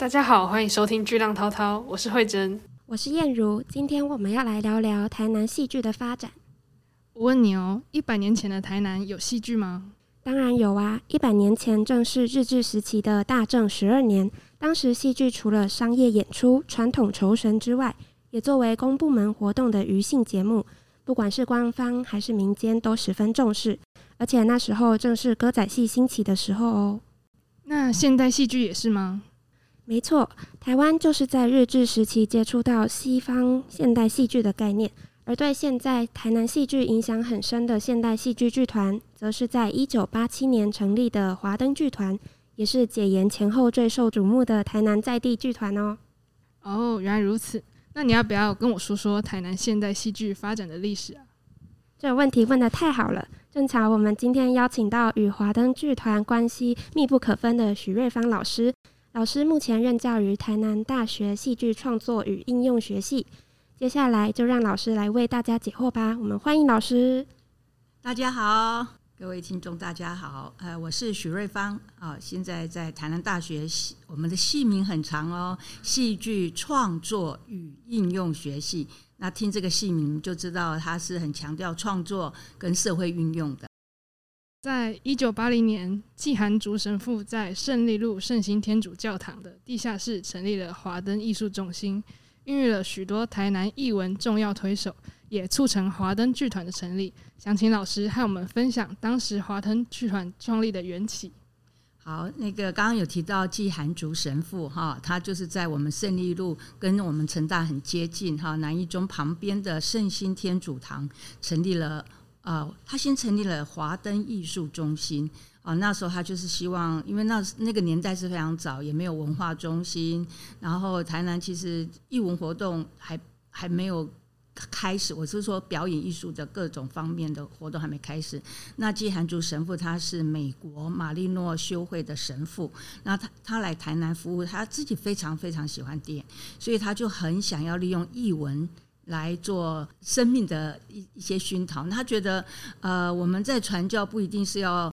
大家好，歡迎收聽《劇浪滔滔》，我是慧珍，我是燕如。今天我們要來聊聊台南戲劇的發展。我問你哦，一百年前的台南有戲劇嗎？當然有啊！一百年前正是日治時期的大正十二年，當時戲劇除了商業演出、傳統酬神之外，也作為公部門活動的餘興節目，不管是官方還是民間都十分重視。而且那時候正是歌仔戲興起的時候哦。那現代戲劇也是嗎？沒錯，台灣就是在日治時期接觸到西方現代戲劇的概念，而對現在台南戲劇影響很深的現代戲劇劇團，則是在一九八七年成立的華燈劇團，也是解嚴前後最受矚目的台南在地劇團哦。哦，原來如此，那你要不要跟我說說台南現代戲劇發展的歷史啊？這個問題問得太好了，正巧我們今天邀請到與華燈劇團關係密不可分的許瑞芳老師。老師目前任教於台南大學戲劇創作與應用學系，接下來就讓老師來為大家解惑吧。我們歡迎老師。大家好，各位聽眾大家好，呃，我是許瑞芳，啊，現在在台南大學戲，我們的系名很長哦，戲劇創作與應用學系。那聽這個系名就知道，它是很強調創作跟社會運用的。在一九八零年，紀寒竹神父在勝利路聖心天主教堂的地下室成立了華燈藝術中心，孕育了許多台南藝文重要推手，也促成華燈劇團的成立。想請老師和我們分享當時華燈劇團創立的緣起。好，那個剛剛有提到紀寒竹神父哈，他就是在我們勝利路跟我們成大很接近哈，南一中旁邊的聖心天主堂成立了。啊，他先成立了華燈藝術中心啊。那時候他就是希望，因為那那個年代是非常早，也沒有文化中心，然後台南其實藝文活動還還沒有開始。我是說表演藝術的各種方面的活動還沒開始。那紀寒竹神父他是美國瑪麗諾修會的神父，那他他來台南服務，他自己非常非常喜歡電，所以他就很想要利用藝文。來做生命的一一些熏陶，他覺得，呃，我們在傳教不一定是要，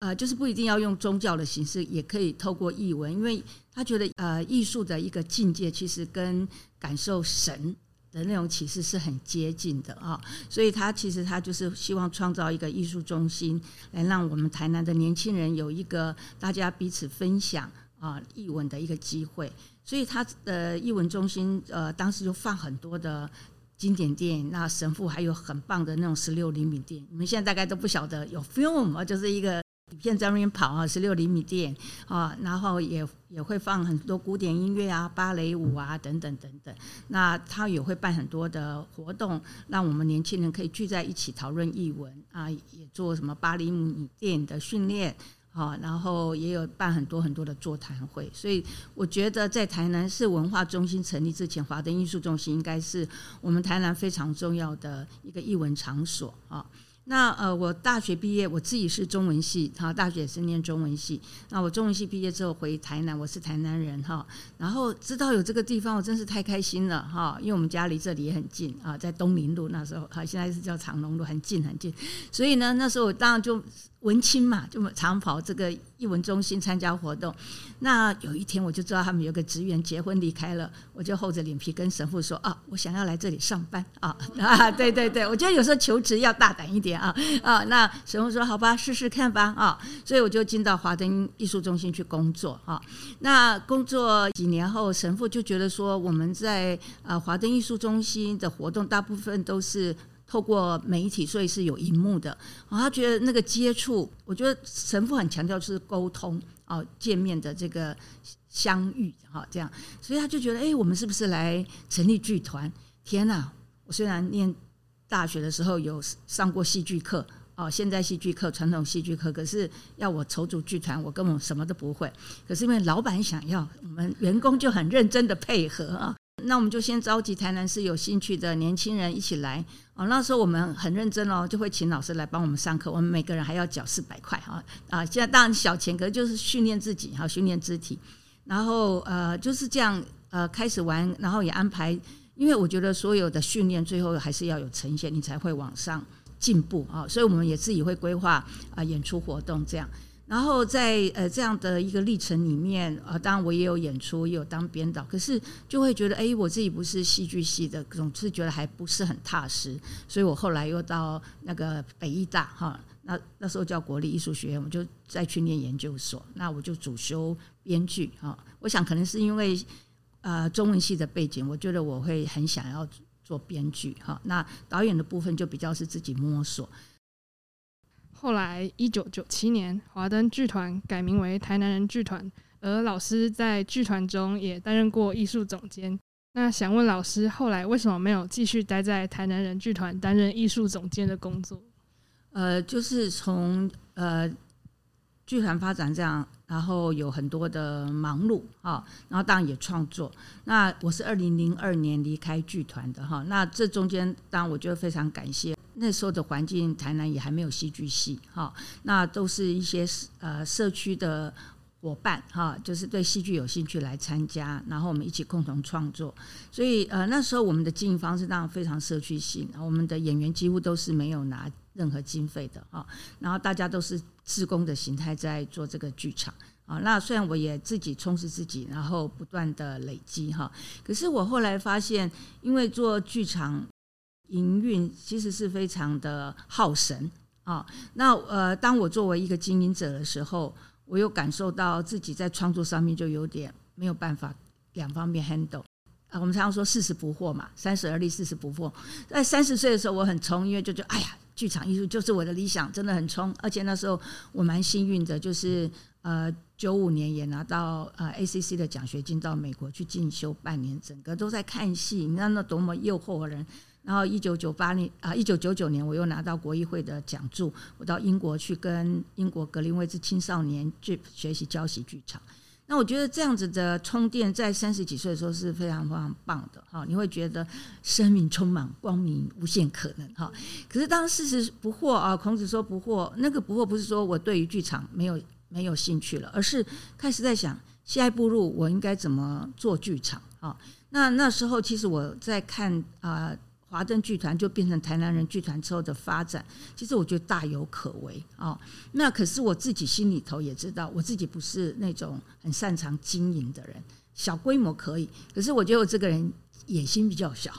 呃，就是不一定要用宗教的形式，也可以透過藝文，因為他覺得，呃，藝術的一個境界其實跟感受神的那種啟示是很接近的啊，所以他其實他就是希望創造一個藝術中心，來讓我們台南的年輕人有一個大家彼此分享啊藝文的一個機會。所以他的藝文中心，呃，當時就放很多的經典電影，那神父還有很棒的那種十六釐米電影。你們現在大概都不曉得有 film，就是一個影片在那邊跑啊，十六釐米電影啊，然後也也會放很多古典音樂啊、芭蕾舞啊等等等等。那他也會辦很多的活動，讓我們年輕人可以聚在一起討論藝文啊，也做什麼八厘米電影的訓練。好，然後也有辦很多很多的座談會，所以我覺得在台南市文化中心成立之前，華燈藝術中心應該是我們台南非常重要的一個藝文場所啊。那呃，我大學畢業，我自己是中文系，好，大學也是念中文系。那我中文系畢業之後回台南，我是台南人哈。然後知道有這個地方，我真是太開心了哈，因為我們家離這裡也很近啊，在東寧路那時候，好，現在是叫長隆路，很近很近。所以呢，那時候我當然就。文青嘛，就常跑這個藝文中心參加活動。那有一天，我就知道他們有個職員結婚離開了，我就厚着臉皮跟神父說：“啊，我想要來這裡上班啊！”啊，對對對，我覺得有時候求職要大膽一點啊啊！那神父說：“好吧，試試看吧啊！”所以我就進到華燈藝術中心去工作啊。那工作幾年後，神父就覺得說，我們在呃華燈藝術中心的活動大部分都是，透過媒體，所以是有熒幕的。然後他覺得那個接觸，我覺得神父很強調就是溝通哦，見面的這個相遇哈，這樣，所以他就覺得，哎、欸，我們是不是來成立劇團？天哪，啊！我雖然念大學的時候有上過戲劇課哦，現代戲劇課、傳統戲劇課，可是要我籌組劇團，我根本什麼都不會。可是因為老板想要，我們員工就很認真的配合啊。那我們就先召集台南市有興趣的年輕人一起來哦。那時候我們很認真哦，就會請老師來幫我們上課。我們每個人還要繳四百塊哈啊。現在當然小錢，可能就是訓練自己哈，啊、訓練肢體。然後呃就是這樣呃開始玩，然後也安排，因為我覺得所有的訓練最後還是要有呈現，你才會往上進步啊。所以我們也自己會規劃啊演出活動這樣。然後在呃這樣的一個歷程裡面啊，當然我也有演出，也有當編導，可是就會覺得哎、欸，我自己不是戲劇系的，總是覺得還不是很踏實，所以我後來又到那個北藝大哈，那那時候叫國立藝術學院，我就再去念研究所，那我就主修編劇哈。我想可能是因為呃中文系的背景，我覺得我會很想要做編劇哈。那導演的部分就比較是自己摸索。後來，一九九七年，華燈劇團改名為台南人劇團，而老師在劇團中也擔任過藝術總監。那想問老師，後來為什麼沒有繼續待在台南人劇團擔任藝術總監的工作？呃，就是從呃劇團發展這樣，然後有很多的忙碌啊，然後當然也創作。那我是二零零二年離開劇團的哈，那這中間當然我就非常感謝。那時候的環境，台南也還沒有戲劇系哈，那都是一些呃社區的夥伴哈，就是對戲劇有興趣來參加，然後我們一起共同創作。所以呃那時候我們的經營方式當然非常社區性，我們的演員幾乎都是沒有拿任何經費的哈，然後大家都是志工的形態在做這個劇場啊。那雖然我也自己充實自己，然後不斷的累積哈，可是我後來發現，因為做劇場。營運其實是非常的耗神啊。那呃，當我作為一個經營者的時候，我又感受到自己在創作上面就有點沒有辦法，兩方面 handle 啊。我們常常說四十不惑嘛，三十而立，四十不惑。在三十歲的時候我很衝，因為就覺得哎呀，劇場藝術就是我的理想，真的很衝。而且那時候我蠻幸運的，就是呃九五年也拿到呃 A C C 的獎學金到美國去進修半年，整個都在看戲，你看那多麼誘惑人。然後一九九八年啊，一九九九年我又拿到國藝會的獎助，我到英國去跟英國格林威治青少年去學習教習劇場。那我覺得這樣子的充電，在三十幾歲的時候是非常非常棒的哈，你會覺得生命充滿光明、無限可能哈。可是當四十不惑啊，孔子說不惑，那個不惑不是說我對於劇場沒有沒有興趣了，而是開始在想下一步路我應該怎麼做劇場啊。那那時候其實我在看啊。呃華燈劇團就變成台南人劇團之後的發展，其實我覺得大有可為哦。那可是我自己心裡頭也知道，我自己不是那種很擅長經營的人，小規模可以。可是我覺得我這個人野心比較小，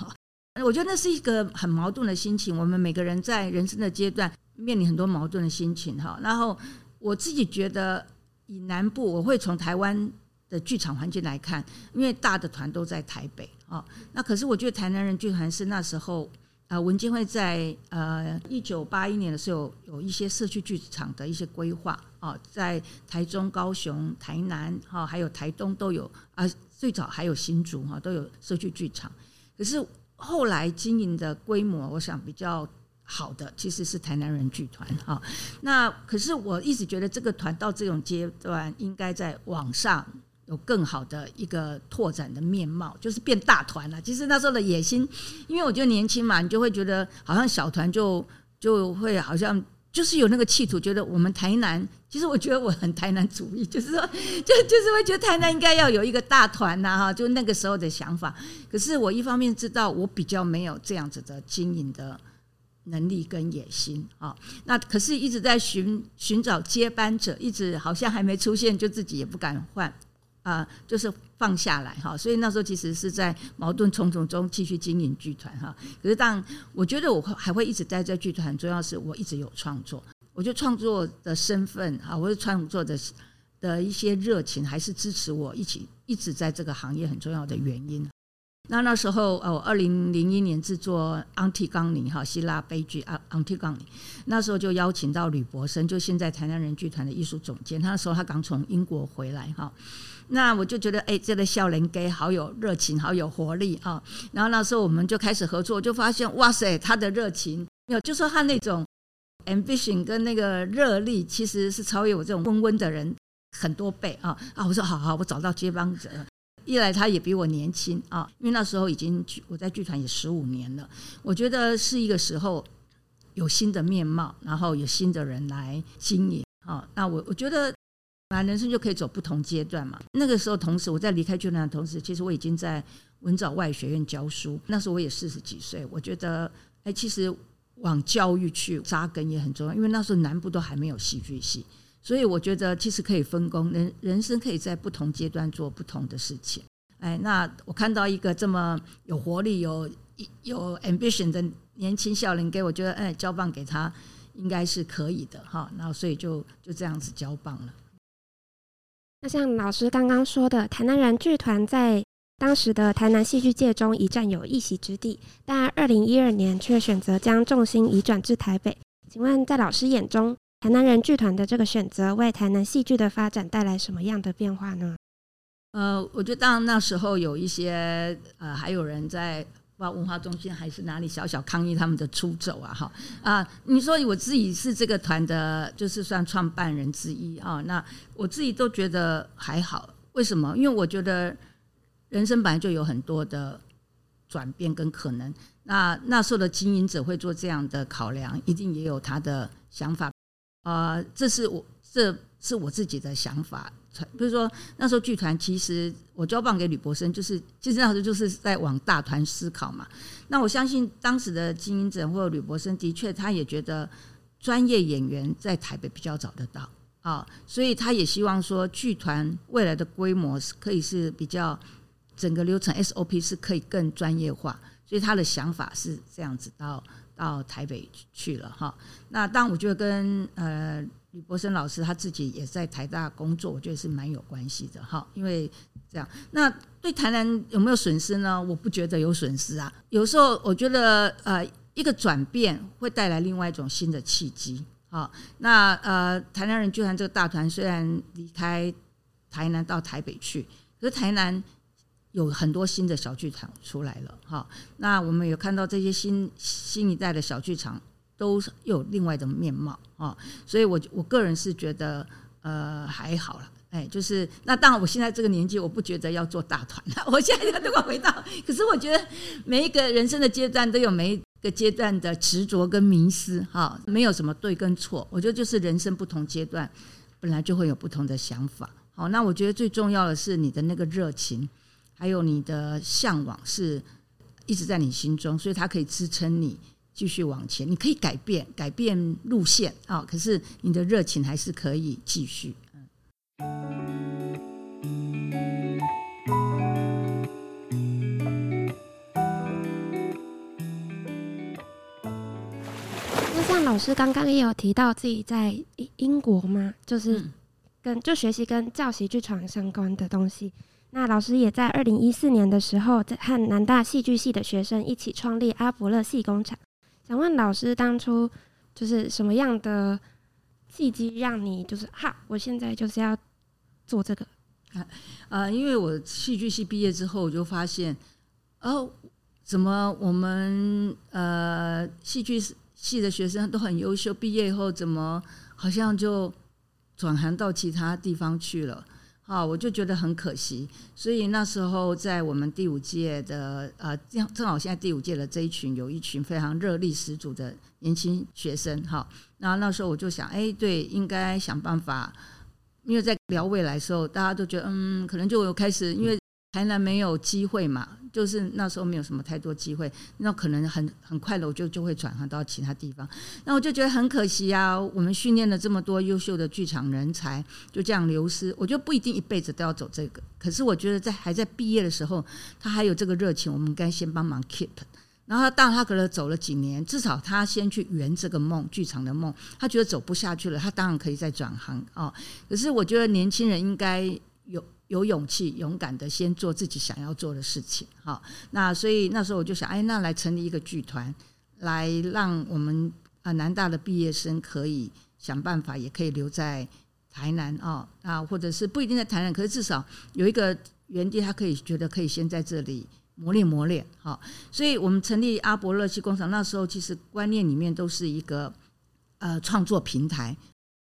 我覺得那是一個很矛盾的心情。我們每個人在人生的階段面臨很多矛盾的心情哈。然後我自己覺得，以南部我會從台灣的劇場環境來看，因為大的團都在台北。哦，那可是我覺得台南人劇團是那時候，啊，文建會在呃一九八一年的時候有一些社區劇場的一些規劃，啊，在台中、高雄、台南，哈，還有台東都有啊，最早還有新竹哈都有社區劇場，可是後來經營的規模，我想比較好的其實是台南人劇團啊。那可是我一直覺得這個團到這種階段，應該再往上。有更好的一個拓展的面貌，就是變大團了啊。其實那時候的野心，因為我覺得年輕嘛，你就會覺得好像小團就就會好像就是有那個企圖，覺得我們台南。其實我覺得我很台南主義，就是，就是說就就是會覺得台南應該要有一個大團吶哈。就那個時候的想法，可是我一方面知道我比較沒有這樣子的經營的能力跟野心啊。那可是一直在尋尋找接班者，一直好像還沒出現，就自己也不敢換。啊，就是放下來哈，所以那時候其實是在矛盾重重中繼續經營劇團哈。可是當我覺得我還會一直待在劇團，重要是我一直有創作。我覺得創作的身份啊，我的創作的的一些熱情，還是支持我一起一直在這個行業很重要的原因。嗯、那那時候哦，二零零一年制作《Antigone》哈，希臘悲劇《Antigone》那時候就邀請到呂博生，就現在台南人劇團的藝術總監。那時候他剛從英國回來哈。那我就覺得，哎、欸，這個笑臉給好有熱情，好有活力啊！然後那時候我們就開始合作，就發現，哇塞，他的熱情，有，就說他那種 ambition 跟那個熱力，其實是超越我這種溫溫的人很多倍啊！啊，我說好，好好，我找到接班者。一來他也比我年輕啊，因為那時候已經我在劇團也十五年了，我覺得是一個時候有新的面貌，然後有新的人來經營啊。那我我覺得。啊，人生就可以走不同階段嘛。那個時候，同時我在離開劇團的同時其實我已經在文藻外語學院教書。那時候我也四十幾歲，我覺得，哎，其實往教育去扎根也很重要，因為那時候南部都還沒有戲劇系，所以我覺得其實可以分工。人人生可以在不同階段做不同的事情。哎，那我看到一個這麼有活力、有有 ambition 的年輕校齡，給我覺得，哎，交棒給他應該是可以的哈。然後，所以就就這樣子交棒了。那像老師剛剛說的，台南人劇團在當時的台南戲劇界中已占有一席之地，但二零一二年卻選擇將重心移轉至台北。請問，在老師眼中，台南人劇團的這個選擇為台南戲劇的發展帶來什麼樣的變化呢？呃，我覺得當那時候有一些，呃，還有人在。文化中心還是哪裡小小抗議他們的出走啊？哈啊！你說，我自己是這個團的，就是算創辦人之一啊。那我自己都覺得還好，為什麼？因為我覺得人生本來就有很多的轉變跟可能。那那時候的經營者會做這樣的考量，一定也有他的想法啊。這是我，這是我自己的想法。比如說那時候劇團，其實我交棒給呂柏伸，就是其實那時候就是在往大團思考嘛。那我相信當時的經營者或者呂柏伸，的確他也覺得專業演員在台北比較找得到啊，哦，所以他也希望說劇團未來的規模是可以是比較整個流程 SOP 是可以更專業化，所以他的想法是這樣子到，到到台北去了哈，哦。那當我覺得跟，呃。李博生老師他自己也在台大工作，我覺得是蠻有關係的哈。因為這樣，那對台南有沒有損失呢？我不覺得有損失啊。有時候我覺得，呃，一個轉變會帶來另外一種新的契機啊。那呃，台南人劇團這個大團雖然離開台南到台北去，可是台南有很多新的小劇場出來了哈。那我們有看到這些新新一代的小劇場。都有另外一種面貌啊，所以我我個人是覺得，呃，還好了。哎、欸，就是那當然，我現在這個年紀，我不覺得要做大團了。我現在要對我回到，可是我覺得每一個人生的階段都有每一個階段的執着跟迷失哈，沒有什麼對跟錯。我覺得就是人生不同階段本來就會有不同的想法。好，那我覺得最重要的是你的那個熱情，還有你的嚮往，是一直在你心中，所以它可以支撐你。繼續往前，你可以改變改變路線啊、哦！可是你的熱情還是可以繼續。那像老師剛剛也有提到自己在英英國嘛，就是跟、嗯、就學習跟教習劇場相關的東西。那老師也在二零一四年的時候，在和南大戲劇系的學生一起創立阿伯樂戲工場。想問老師，當初就是什麼樣的契機讓你就是哈？我現在就是要做這個。啊，呃，因為我戲劇系畢業之後，我就發現，哦，怎麼我們呃戲劇系的學生都很優秀，畢業以後怎麼好像就轉行到其他地方去了？啊，我就覺得很可惜，所以那時候在我們第五屆的呃，正好現在第五屆的這一群有一群非常熱力十足的年輕學生，哈，那那時候我就想，哎、欸，對，應該想辦法，因為在聊未來的時候，大家都覺得，嗯，可能就有開始，因為台南沒有機會嘛。就是那時候沒有什麼太多機會，那可能很很快了，我就就會轉行到其他地方。那我就覺得很可惜啊！我們訓練了這麼多優秀的劇場人才，就這樣流失，我覺得不一定一輩子都要走這個。可是我覺得在還在畢業的時候，他還有這個熱情，我們該先幫忙 keep。然後他當他可能走了幾年，至少他先去圓這個夢，劇場的夢。他覺得走不下去了，他當然可以再轉行啊、哦。可是我覺得年輕人應該有。有勇氣，勇敢的先做自己想要做的事情，好。那所以那時候我就想，哎，那來成立一個劇團，來讓我們啊南大的畢業生可以想辦法，也可以留在台南啊啊，或者是不一定在台南，可是至少有一個原地，他可以覺得可以先在這裡磨練磨練，好。所以我們成立阿伯樂戲工場，那時候其實觀念裡面都是一個呃創作平台，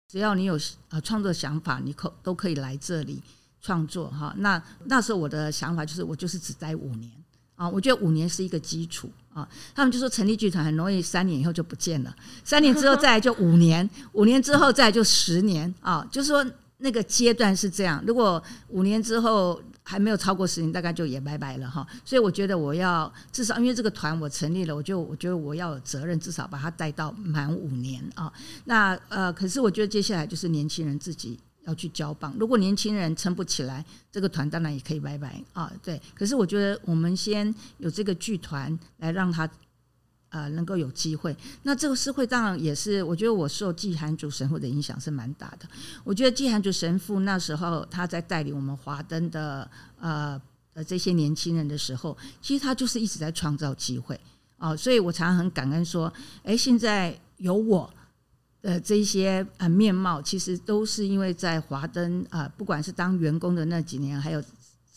只要你有呃創作想法，你可都可以來這裡。創作哈，那那時候我的想法就是，我就是只待五年啊，我覺得五年是一個基礎啊。他們就說成立劇團很容易，三年以後就不見了，三年之後再來，就五年，五年之後再來，就十年啊，就是說那個階段是這樣。如果五年之後還沒有超過十年，大概就也拜拜了哈。所以我覺得我要至少，因為這個團我成立了，我就我覺得我要有責任，至少把它帶到滿五年啊。那呃，可是我覺得接下來就是年輕人自己。要去交棒，如果年輕人撐不起來，這個團當然也可以拜拜啊。對，可是我覺得我們先有這個劇團來讓他呃能夠有機會。那這個社會當然也是，我覺得我受紀寒竹神父的影響是蠻大的。我覺得紀寒竹神父那時候他在帶領我們華燈的呃呃這些年輕人的時候，其實他就是一直在創造機會啊、呃，所以我常常很感恩說，誒、欸，現在有我。呃，這一些呃面貌其實都是因為在華燈啊，不管是當員工的那幾年，還有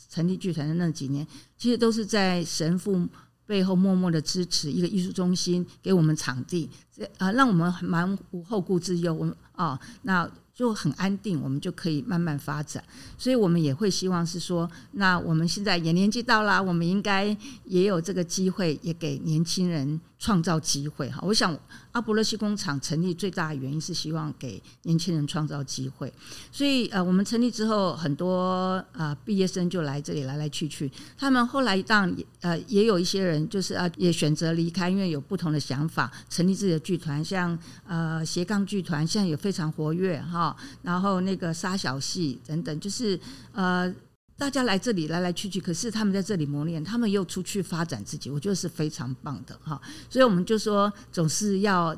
成立劇團的那幾年，其實都是在神父背後默默的支持，一個藝術中心，給我們場地，這啊讓我們蠻無後顧之憂。哦，那就很安定，我們就可以慢慢發展。所以我們也會希望是說，那我們現在也年紀到了，我們應該也有這個機會，也給年輕人。創造機會哈，我想阿伯樂戲工場成立最大的原因是希望給年輕人創造機會，所以呃，我們成立之後，很多啊畢業生就來這裡來來去去，他們後來當呃也有一些人就是啊也選擇離開，因為有不同的想法，成立自己的劇團，像呃斜槓劇團現在也非常活躍哈，然後那個沙小戲等等，就是呃。大家來這裡來來去去，可是他們在這裡磨練，他們又出去發展自己，我覺得是非常棒的哈。所以我們就說，總是要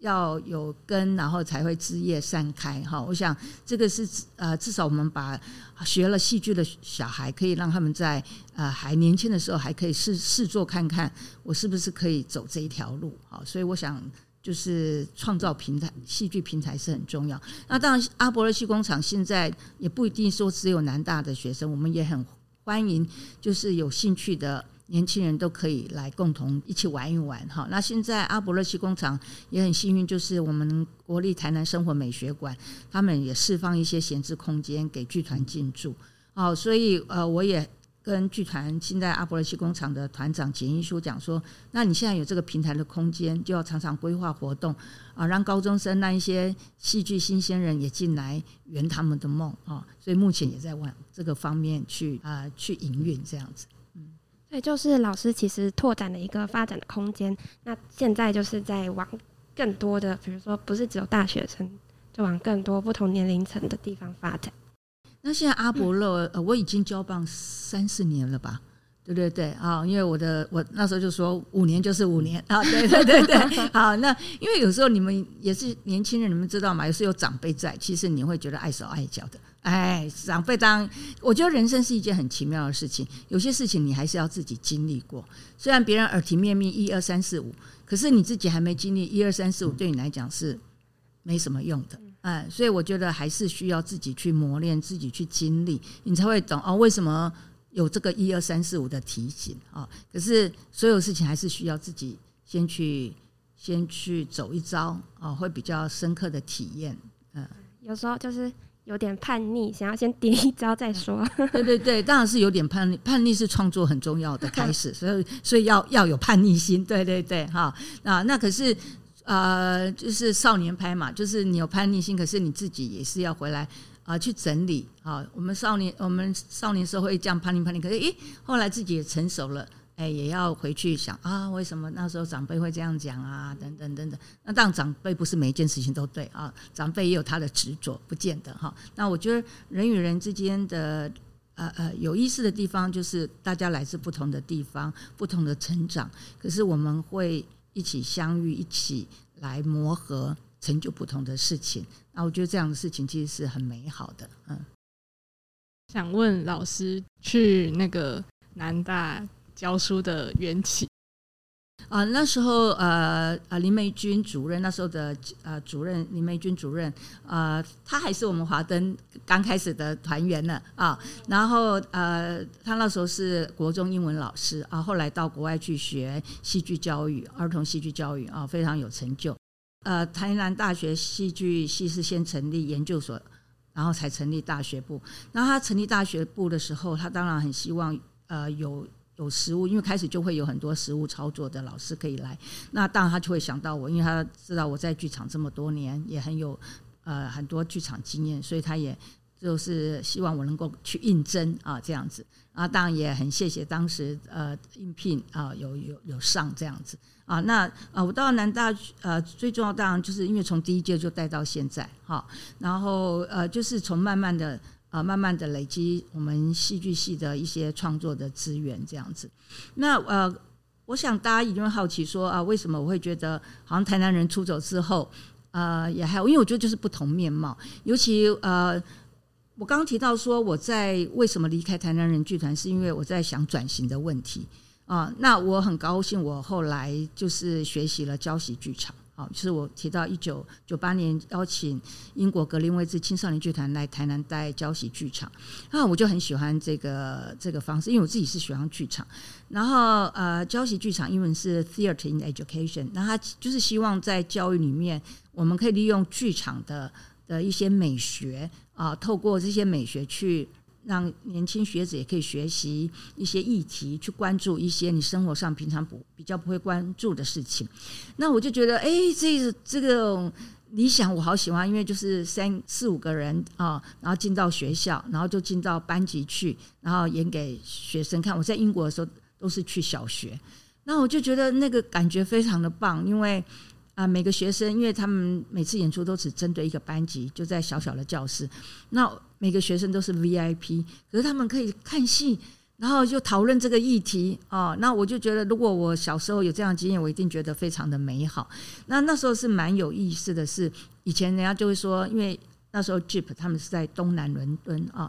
要有根，然後才會枝葉散開哈。我想這個是呃，至少我們把學了戲劇的小孩，可以讓他們在呃還年輕的時候，還可以試試做看看，我是不是可以走這一條路哈，所以我想。就是創造平台，戲劇平台是很重要。那當然，阿伯樂戲工場現在也不一定說只有南大的學生，我們也很歡迎，就是有興趣的年輕人，都可以來共同一起玩一玩。好，那現在阿伯樂戲工場也很幸運，就是我們國立台南生活美學館，他們也釋放一些閒置空間給劇團進駐。哦，所以呃，我也。跟劇團現在阿伯樂戲工場的團長簡英書講說，那你現在有這個平台的空間，就要常常規劃活動啊，讓高中生那一些戲劇新鮮人也進來圓他們的夢啊。所以目前也在往這個方面去啊去營運這樣子。嗯，所以就是老師其實拓展了一個發展的空間。那現在就是在往更多的，比如說不是只有大學生，就往更多不同年齡層的地方發展。那現在阿伯樂，呃，我已經交棒三四年了吧？對對對啊、哦！因為我的我那時候就說五年就是五年啊、哦！對對對對，好，那因為有時候你們也是年輕人，你們知道嗎？有時候有長輩在，其實你會覺得礙手礙腳的。哎，長輩當我覺得人生是一件很奇妙的事情，有些事情你還是要自己經歷過。雖然別人耳提面命一二三四五，5, 可是你自己還沒經歷一二三四五，對你來講是沒什麼用的。嗯，所以我覺得還是需要自己去磨練，自己去經歷，你才會懂哦。為什麼有這個一二三四五的提醒啊、哦？可是所有事情還是需要自己先去，先去走一遭啊、哦，會比較深刻的體驗。嗯，有時候就是有點叛逆，想要先點一招再說。對對對，當然是有點叛逆，叛逆是創作很重要的開始，所以所以要要有叛逆心。對對對，哈、哦、啊，那可是。啊、呃，就是少年派嘛，就是你有叛逆心，可是你自己也是要回來啊、呃，去整理啊、哦。我們少年，我們少年時候會這樣叛逆，叛逆，可是，咦，後來自己也成熟了，誒、哎，也要回去想啊，為什麼那時候長輩會這樣講啊？等等等等。那當然，長輩不是每一件事情都對啊，長輩也有他的執着，不見得哈、哦。那我覺得人與人之間的呃呃有意思的地方，就是大家來自不同的地方，不同的成長，可是我們會。一起相遇，一起來磨合，成就不同的事情。那我覺得這樣的事情其實是很美好的。嗯，想問老師去那個南大教書的緣起。啊，那時候呃呃林梅君主任，那時候的呃主任林梅君主任，呃，他還是我們華燈剛開始的團員呢啊，然後呃他那時候是國中英文老師啊，後來到國外去學戲劇教育、兒童戲劇教育啊，非常有成就。呃，台南大學戲劇系是先成立研究所，然後才成立大學部。那他成立大學部的時候，他當然很希望呃有。有實物，因為開始就會有很多實物操作的老師可以來，那當然他就會想到我，因為他知道我在劇場這麼多年也很有呃很多劇場經驗，所以他也就是希望我能夠去應徵啊這樣子啊，當然也很謝謝當時呃應聘啊有有有上這樣子啊，那啊、呃、我到南大呃最重要的當然就是因為從第一屆就帶到現在哈，哦，然後呃就是從慢慢的。啊，慢慢的累積我們戲劇系的一些創作的資源，這樣子。那呃，我想大家一定會好奇說啊，為什麼我會覺得好像台南人出走之後，呃，也還有，因為我覺得就是不同面貌。尤其呃，我剛剛提到說我在為什麼離開台南人劇團，是因為我在想轉型的問題啊。那我很高興，我後來就是學習了教習劇場。哦，就是我提到一九九八年邀請英國格林威治青少年劇團來台南帶教習劇場，那我就很喜歡這個這個方式，因為我自己是喜歡劇場。然後呃，教習劇場英文是 theatre in education，那他就是希望在教育裡面，我們可以利用劇場的的一些美學啊，呃，透過這些美學去。讓年輕學子也可以學習一些議題，去關注一些你生活上平常不比較不會關注的事情。那我就覺得，哎、欸，這個、這個理想我好喜歡，因為就是三四五個人啊、哦，然後進到學校，然後就進到班級去，然後演給學生看。我在英國的時候都是去小學，那我就覺得那個感覺非常的棒，因為啊、呃，每個學生，因為他們每次演出都只針對一個班級，就在小小的教室，那。每個學生都是 VIP，可是他們可以看戲，然後就討論這個議題哦，那我就覺得，如果我小時候有這樣經驗，我一定覺得非常的美好。那那時候是蠻有意思的是，以前人家就會說，因為那時候 Jip 他們是在東南倫敦啊，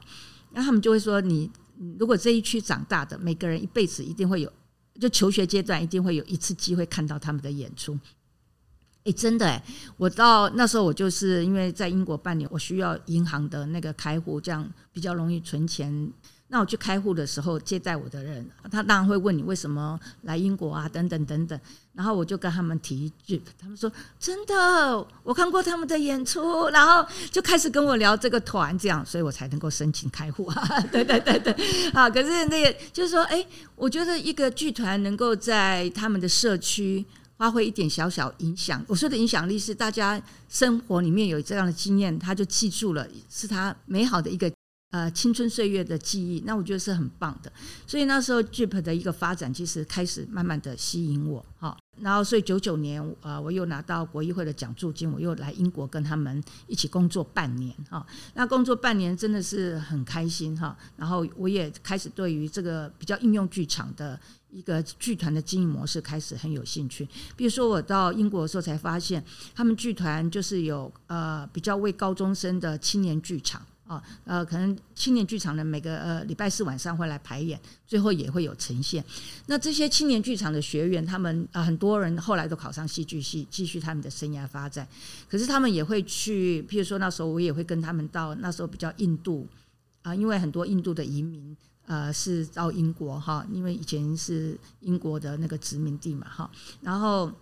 然後他們就會說，你如果這一區長大的，每個人一輩子一定會有，就求學階段一定會有一次機會看到他們的演出。哎，真的，哎，我到那時候我就是因為在英國半年，我需要銀行的那個開戶，這樣比較容易存錢。那我去開戶的時候，接待我的人，他當然會問你為什麼來英國啊，等等等等。然後我就跟他們提一句，他們說真的，我看過他們的演出，然後就開始跟我聊這個團，這樣，所以我才能夠申請開戶啊。對對對對，啊，可是那個就是說，哎，我覺得一個劇團能夠在他們的社區。發揮一點小小影響，我說的影響力是大家生活裡面有這樣的經驗，他就記住了，是他美好的一個呃青春歲月的記憶。那我覺得是很棒的，所以那時候 JEP 的一個發展其實開始慢慢的吸引我哈。然後，所以九九年啊，我又拿到國議會的獎助金，我又來英國跟他們一起工作半年哈。那工作半年真的是很開心哈。然後，我也開始對於這個比較應用劇場的。一個劇團的經營模式開始很有興趣。比如說，我到英國的時候才發現，他們劇團就是有呃比較為高中生的青年劇場啊，呃，可能青年劇場的每個呃禮拜四晚上會來排演，最後也會有呈現。那這些青年劇場的學員，他們啊很多人後來都考上戲劇系，繼續他們的生涯發展。可是他們也會去，譬如說那時候我也會跟他們到那時候比較印度啊，因為很多印度的移民。呃，是到英國哈，因為以前是英國的那個殖民地嘛哈，然後誒、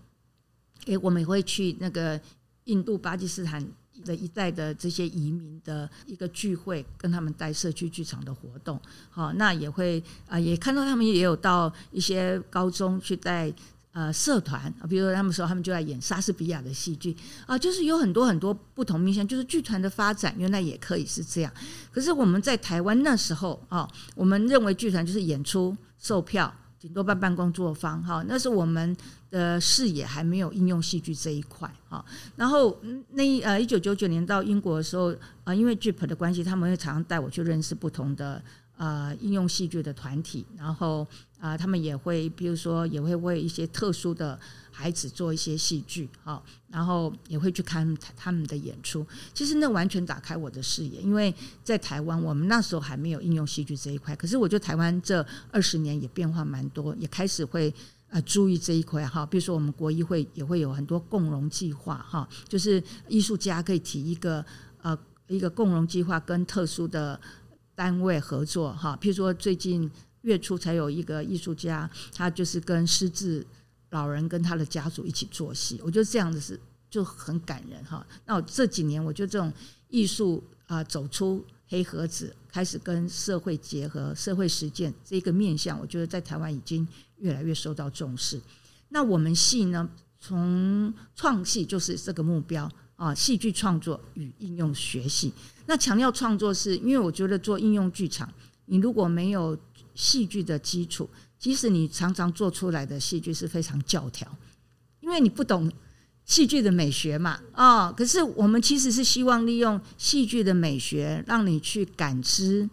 欸，我們也會去那個印度、巴基斯坦的一帶的這些移民的一個聚會，跟他們帶社區劇場的活動，好，那也會啊、呃，也看到他們也有到一些高中去帶。呃，社團啊，比如說他們說他們就來演莎士比亞的戲劇啊，就是有很多很多不同面向，就是劇團的發展，原來也可以是這樣。可是我們在台灣那時候啊，我們認為劇團就是演出、售票、頂多辦辦工作坊，哈，那是我們的視野還沒有應用戲劇這一塊啊。然後那一呃，一九九九年到英國的時候啊，因為 Jip 的關係，他們會常常帶我去認識不同的。啊、呃，應用戲劇的團體，然後啊、呃，他們也會，比如說，也會為一些特殊的孩子做一些戲劇，好、哦，然後也會去看他們的演出。其實那完全打開我的視野，因為在台灣，我們那時候還沒有應用戲劇這一塊。可是，我覺得台灣這二十年也變化蠻多，也開始會啊，注意這一塊哈、哦。比如說，我們國藝會也會有很多共融計劃，哈、哦，就是藝術家可以提一個呃，一個共融計劃跟特殊的。單位合作哈，譬如說最近月初才有一個藝術家，他就是跟失智老人跟他的家族一起做戲，我覺得這樣子是就很感人哈。那我這幾年我覺得這種藝術啊走出黑盒子，開始跟社會結合、社會實踐這個面向，我覺得在台灣已經越來越受到重視。那我們系呢，從創系就是這個目標。啊，戲劇創作與應用學系，那強調創作，是因為我覺得做應用劇場，你如果沒有戲劇的基礎，即使你常常做出來的戲劇是非常教條，因為你不懂戲劇的美學嘛。啊、哦，可是我們其實是希望利用戲劇的美學，讓你去感知。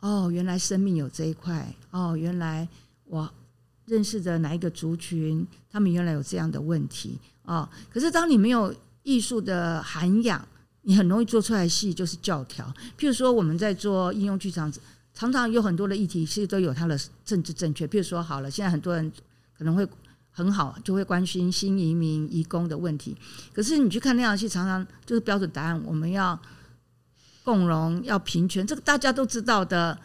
哦，原來生命有這一塊。哦，原來我認識的哪一個族群，他們原來有這樣的問題。哦，可是當你沒有。藝術的涵養，你很容易做出來的戲就是教條。譬如說，我們在做應用劇場，常常有很多的議題其實都有它的政治正確。譬如說，好了，現在很多人可能會很好，就會關心新移民、移工的問題。可是你去看那場戲，常常就是標準答案：我們要共榮，要平權，這個大家都知道的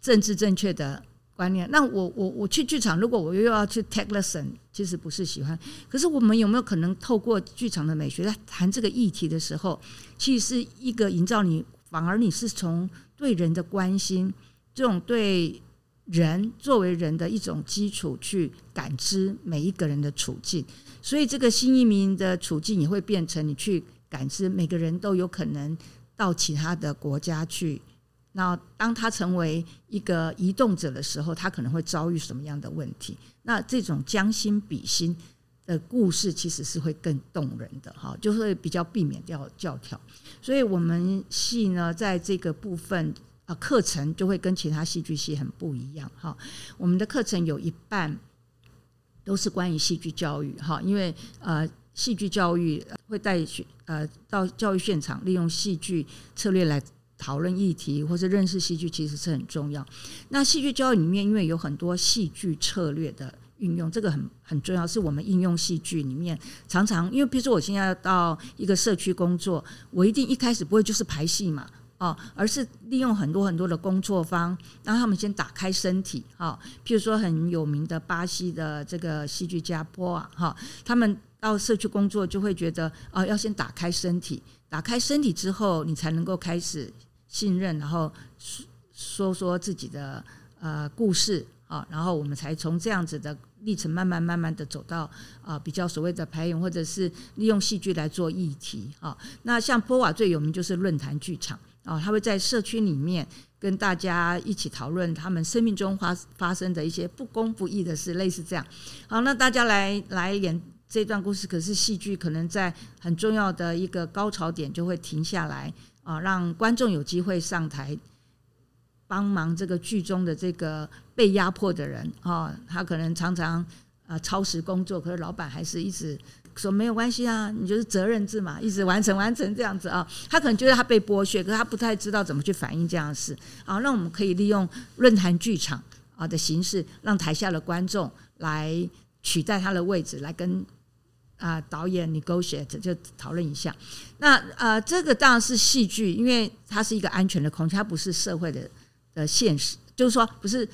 政治正確的觀念。那我我我去劇場，如果我又要去 take lesson，其實不是喜歡。可是我們有沒有可能透過劇場的美學在談這個議題的時候，其實是一個營造你，反而你是從對人的關心，這種對人作為人的一種基礎去感知每一個人的處境。所以這個新移民的處境也會變成你去感知，每個人都有可能到其他的國家去。那當他成為一個移動者的時候，他可能會遭遇什麼樣的問題？那這種將心比心的故事，其實是會更動人的，哈，就會比較避免掉教條。所以我們系呢，在這個部分啊，課程就會跟其他戲劇系很不一樣，哈。我們的課程有一半都是關於戲劇教育，哈，因為呃，戲劇教育會帶去呃，到教育現場，利用戲劇策略來。討論議題或者認識戲劇其實是很重要。那戲劇教育裡面，因為有很多戲劇策略的運用，這個很很重要，是我們應用戲劇裡面常常，因為比如說我現在要到一個社區工作，我一定一開始不會就是排戲嘛，哦，而是利用很多很多的工作坊，讓他們先打開身體。哈，譬如說很有名的巴西的這個戲劇家波瓦，哈，他們到社區工作就會覺得哦，要先打開身體，打開身體之後，你才能夠開始，信任，然後說說自己的呃故事啊，然後我們才從這樣子的歷程，慢慢慢慢地走到啊比較所謂的排演，或者是利用戲劇來做議題啊。那像波瓦最有名就是論壇劇場啊，他會在社區裡面跟大家一起討論他們生命中發發生的一些不公不義的事，類似這樣。好，那大家來來演這段故事，可是戲劇可能在很重要的一個高潮點就會停下來。啊，讓觀眾有機會上台幫忙這個劇中的這個被壓迫的人哈，他可能常常啊超時工作，可是老板還是一直說沒有關係啊，你就是責任制嘛，一直完成完成這樣子啊，他可能覺得他被剝削，可是他不太知道怎麼去反映這樣的事。啊，那我們可以利用論壇劇場啊的形式，讓台下的觀眾來取代他的位置，來跟。啊，導演，你勾選這就討論一下。那呃，這個當然是戲劇，因為它是一個安全的空間，它不是社會的呃現實，就是說不是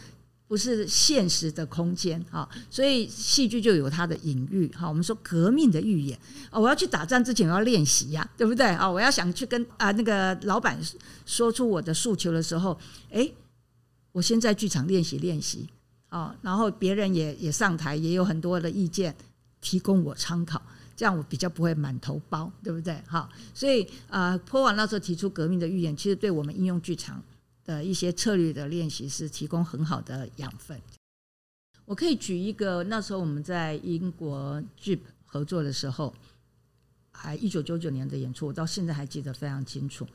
不是現實的空間啊。所以戲劇就有它的隱喻哈。我們說革命的預演啊，我要去打仗之前我要練習呀，對不對啊？我要想去跟啊那個老闆說出我的訴求的時候，哎，我先在劇場練習練習啊，然後別人也也上台，也有很多的意見。提供我參考，這樣我比較不會滿頭包，對不對？好，所以啊，波瓦那時候提出革命的預言，其實對我們應用劇場的一些策略的練習是提供很好的養分。我可以舉一個，那時候我們在英國劇合作的時候，還一九九九年的演出，我到現在還記得非常清楚。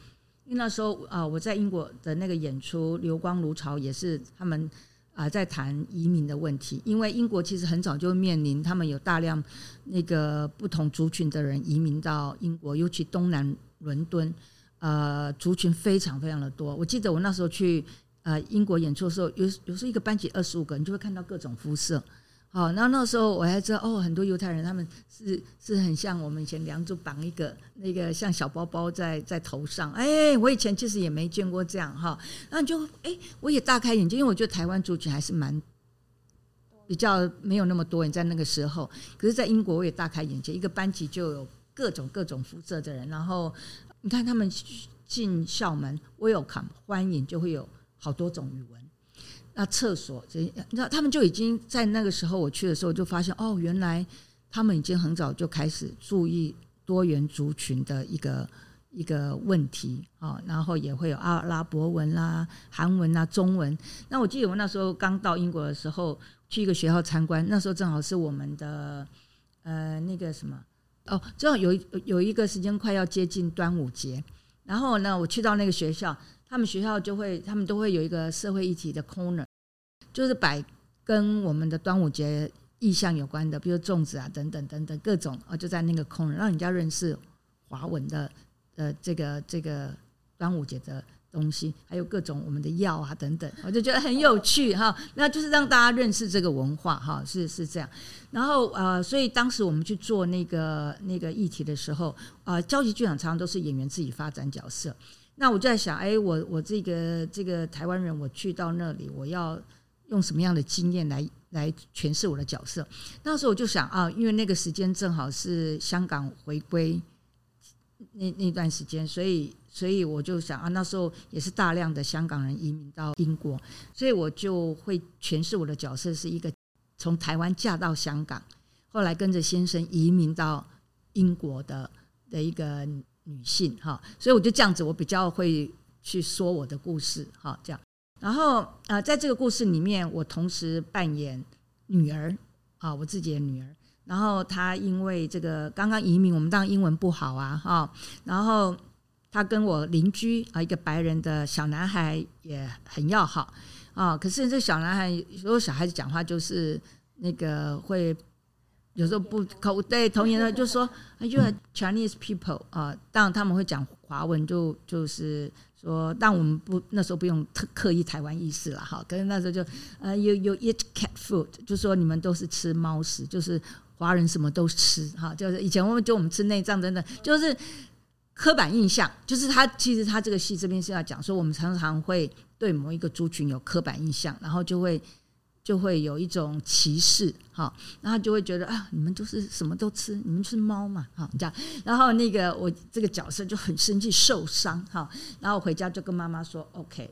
因為那時候啊，我在英國的那個演出《流光如潮》，也是他們。啊，在談移民的問題，因為英國其實很早就面臨他們有大量那個不同族群的人移民到英國，尤其東南倫敦，呃，族群非常非常的多。我記得我那時候去呃英國演出的時候，有有時候一個班級二十五個人就會看到各種膚色。好，那那時候我還知道哦，很多猶太人他們是是很像我們以前梁祝綁一個那個像小包包在在頭上，哎，我以前其實也沒見過這樣哈。那你就哎，我也大開眼界，因為我覺得台灣族群還是蠻比較沒有那麼多人在那個時候。可是，在英國我也大開眼界，一個班級就有各種各種膚色的人。然後你看他們進校門，Welcome 歡迎就會有好多種語文。那廁所這，那他們就已經在那個時候，我去的時候就發現哦，原來他們已經很早就開始注意多元族群的一個一個問題啊，然後也會有阿拉伯文啦、韓文啦、中文。那我記得我那時候剛到英國的時候，去一個學校參觀，那時候正好是我們的呃那個什麼哦，正好有有一個時間快要接近端午節，然後呢，我去到那個學校。他們學校就會，他們都會有一個社會議題的 corner，就是擺跟我們的端午節意象有關的，比如粽子啊，等等等等各種啊，就在那個 corner 讓人家認識華文的呃這個這個端午節的東西，還有各種我們的藥啊等等，我就覺得很有趣哈，那就是讓大家認識這個文化哈，是是這樣。然後呃，所以當時我們去做那個那個議題的時候，呃，教習劇場常常都是演員自己發展角色。那我就在想，哎、欸，我我這個這個台灣人，我去到那裡，我要用什麼樣的經驗來來詮釋我的角色？那時候我就想啊，因為那個時間正好是香港回歸那那段時間，所以所以我就想啊，那時候也是大量的香港人移民到英國，所以我就會詮釋我的角色是一個從台灣嫁到香港，後來跟着先生移民到英國的的一個。女性哈，所以我就這樣子，我比較會去說我的故事哈，這樣。然後啊，在這個故事裡面，我同時扮演女兒啊，我自己的女兒。然後她因為這個剛剛移民，我們當然英文不好啊哈。然後她跟我鄰居啊，一個白人的小男孩也很要好啊。可是這小男孩，有時候小孩子講話就是那個會。有時候不口對同音的，就說，就 Chinese people 啊，當然他們會講華文就，就就是說，但我們不那時候不用特刻意台灣意思了哈。可是那時候就，呃，you you eat cat food，就說你們都是吃貓食，就是華人什麼都吃哈，就是以前我們就我們吃內臟等等，就是刻板印象，就是他其實他這個戲這邊是要講說，所以我們常常會對某一個族群有刻板印象，然後就會。就會有一種歧視，哈，然後就會覺得啊，你們都是什麼都吃，你們是貓嘛，哈，這樣。然後那個我這個角色就很生氣，受傷，哈。然後回家就跟媽媽說，OK，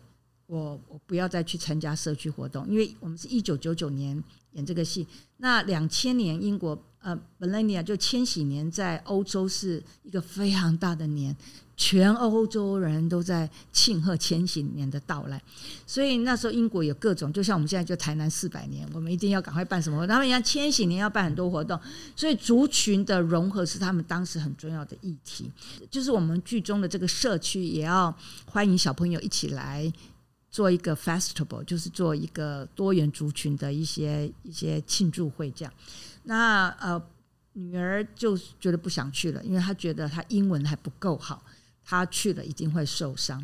我我不要再去參加社區活動，因為我們是一九九九年演這個戲，那兩千年英國。呃，Millennium，就千禧年在歐洲是一個非常大的年，全歐洲人都在慶賀千禧年的到來，所以那時候英國有各種，就像我們現在就台南四百年，我們一定要趕快辦什麼？他們講千禧年要辦很多活動，所以族群的融合是他們當時很重要的議題。就是我們劇中的這個社區也要歡迎小朋友一起來做一個 festival，就是做一個多元族群的一些一些慶祝會這樣。那呃，女兒就覺得不想去了，因為她覺得她英文還不夠好，她去了一定會受傷。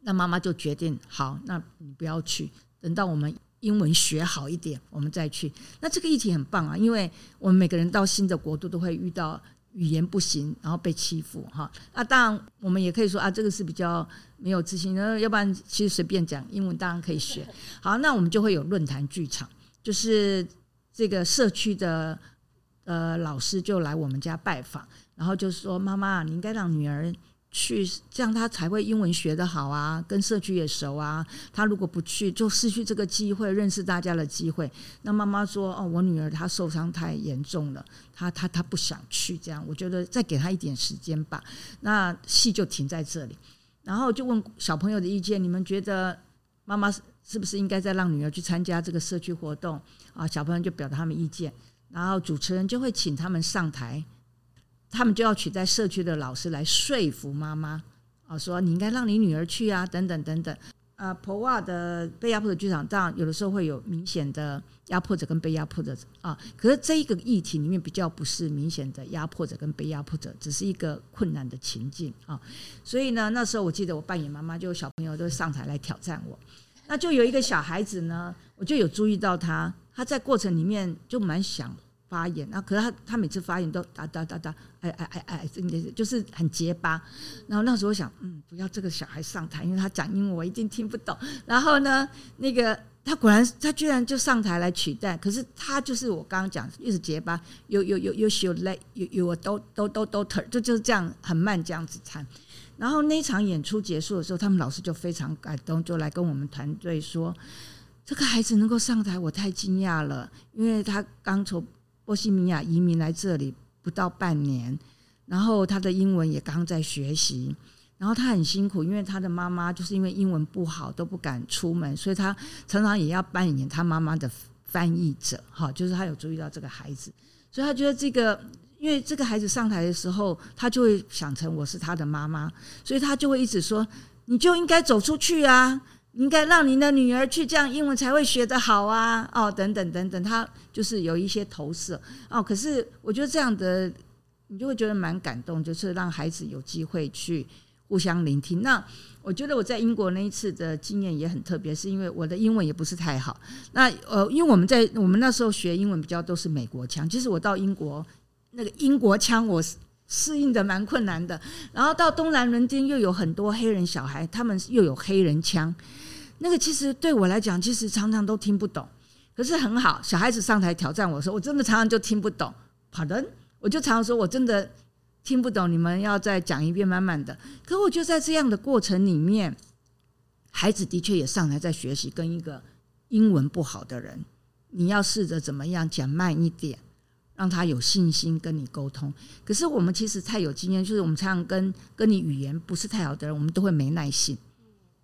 那媽媽就決定，好，那你不要去，等到我們英文學好一點，我們再去。那這個議題很棒啊，因為我們每個人到新的國度都會遇到語言不行，然後被欺負哈。那當然，我們也可以說啊，這個是比較沒有自信的，要不然其實隨便講英文，當然可以學。好，那我們就會有論壇劇場，就是。這個社區的呃老師就來我們家拜訪，然後就說：“媽媽，你應該讓女兒去，這樣她才會英文學得好啊，跟社區也熟啊。她如果不去，就失去這個機會，認識大家的機會。”那媽媽說：“哦，我女兒她受傷太嚴重了，她她她不想去。這樣，我覺得再給她一點時間吧。”那戲就停在這裡，然後就問小朋友的意見：“你們覺得媽媽是？”是不是應該再讓女兒去參加這個社區活動啊？小朋友就表達他們意見，然後主持人就會請他們上台，他們就要取代社區的老師來說服媽媽啊，說你應該讓你女兒去啊，等等等等。呃，波瓦的被壓迫的劇場當然有的時候會有明顯的壓迫者跟被壓迫者啊。可是這一個議題裡面比較不是明顯的壓迫者跟被壓迫者，只是一個困難的情境啊。所以呢，那時候我記得我扮演媽媽，就小朋友都會上台來挑戰我。那就有一個小孩子呢，我就有注意到他，他在過程裡面就蠻想發言，那、啊、可是他他每次發言都噠噠噠噠，哎哎哎哎，真的是就是很結巴。然後那時候我想，嗯，不要這個小孩上台，因為他講英文我一定聽不懂。然後呢，那個他果然他居然就上台來取代，可是他就是我剛剛講又是結巴，又又又又。slowly 有有都都都都 turn 就是這樣很慢這樣子唱。然後那場演出結束的時候，他們老師就非常感動，就來跟我們團隊說：“這個孩子能夠上台，我太驚訝了，因為他剛從波西米亞移民來這裡不到半年，然後他的英文也剛在學習，然後他很辛苦，因為他的媽媽就是因為英文不好都不敢出門，所以他常常也要扮演他媽媽的翻譯者。哈，就是他有注意到這個孩子，所以他覺得這個。”因為這個孩子上台的時候，他就會想成我是他的媽媽，所以他就會一直說：“你就應該走出去啊，應該讓你的女兒去，這樣英文才會學得好啊。”哦，等等等等，他就是有一些投射哦。可是我覺得這樣的，你就會覺得蠻感動，就是讓孩子有機會去互相聆聽。那我覺得我在英國那一次的經驗也很特別，是因為我的英文也不是太好。那呃，因為我們在我們那時候學英文比較都是美國腔，其實我到英國。那個英國腔我適應的蠻困難的，然後到東南倫敦又有很多黑人小孩，他們又有黑人腔，那個其實對我來講，其實常常都聽不懂。可是很好，小孩子上台挑戰我說，我真的常常就聽不懂。Pardon? 我就常常說我真的聽不懂，你們要再講一遍，慢慢的。可我就在這樣的過程裡面，孩子的確也上台在學習，跟一個英文不好的人，你要試着怎麼樣講慢一點。讓他有信心跟你溝通。可是我們其實太有經驗，就是我們常常跟跟你語言不是太好的人，我們都會沒耐心，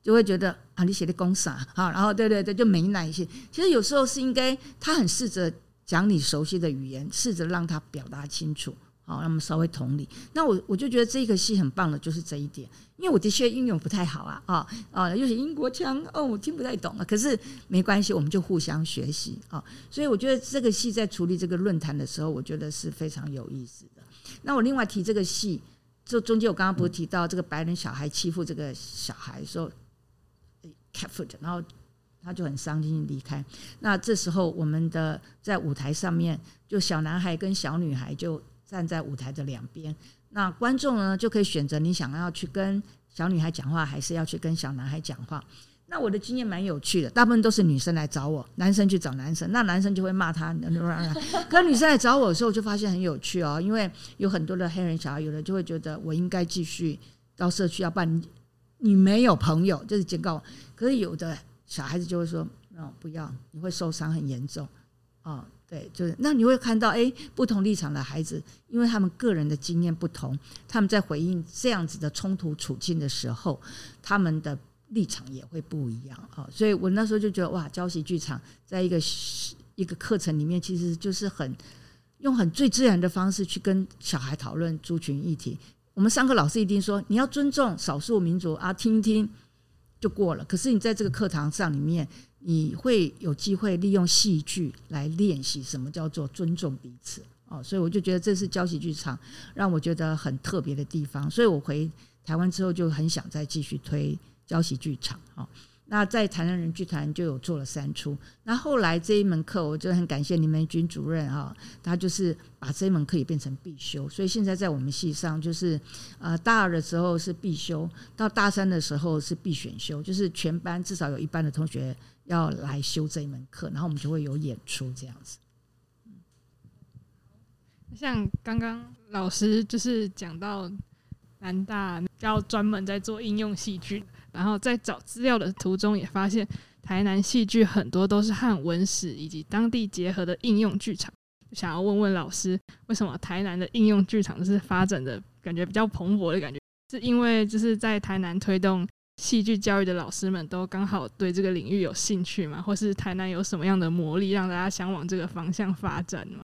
就會覺得啊，你寫的公式啊，好，然後對對對，就沒耐心。其實有時候是應該他很試着講你熟悉的語言，試着讓他表達清楚。好，那麼稍微同理。那我我就覺得這個戲很棒的，就是這一點，因為我的確英語不太好啊，啊啊，又是英國腔，哦，我聽不太懂啊。可是沒關係，我們就互相學習啊。所以我覺得這個戲在處理這個論壇的時候，我覺得是非常有意思的。那我另外提這個戲，就中間我剛剛不是提到這個白人小孩欺負這個小孩說 c a t f o 然後他就很傷心離開。那這時候我們的在舞台上面，就小男孩跟小女孩就。站在舞台的兩邊，那觀眾呢就可以選擇你想要去跟小女孩講話，還是要去跟小男孩講話。那我的經驗蠻有趣的，大部分都是女生來找我，男生去找男生，那男生就會罵他。可女生來找我的時候，就發現很有趣哦，因為有很多的黑人小孩，有的就會覺得我應該繼續到社區要辦，你沒有朋友就是警告。可是有的小孩子就會說：“哦，不要，你會受傷很嚴重。”哦。對，就是那你會看到，哎，不同立場的孩子，因為他們個人的經驗不同，他們在回應這樣子的衝突處境的時候，他們的立場也會不一樣，哦，所以我那時候就覺得，哇，教習劇場在一個一個課程裡面，其實就是很用很最自然的方式去跟小孩討論族群議題。我們上課老師一定說，你要尊重少數民族啊，聽一聽就過了。可是你在這個課堂上裡面，你會有機會利用戲劇來練習什麼叫做尊重彼此哦，所以我就覺得這是教習劇場讓我覺得很特別的地方，所以我回台灣之後就很想再繼續推教習劇場哦。那在台南人劇團就有做了三齣，那後來這一門課我就很感謝林玫君主任，他就是把這一門課也變成必修，所以現在在我們系上就是呃大二的時候是必修，到大三的時候是必選修，就是全班至少有一班的同學，要來修這一門課，然後我們就會有演出這樣子。像剛剛老師就是講到南大要專門在做應用戲劇，然後在找資料的途中也發現台南戲劇很多都是和文史以及當地結合的應用劇場。想要問問老師，為什麼台南的應用劇場就是發展的感覺比較蓬勃的感覺？是因為就是在台南推動。戲劇教育的老師們都剛好對這個領域有興趣嗎？或是台南有什麼樣的魔力讓大家想往這個方向發展嗎？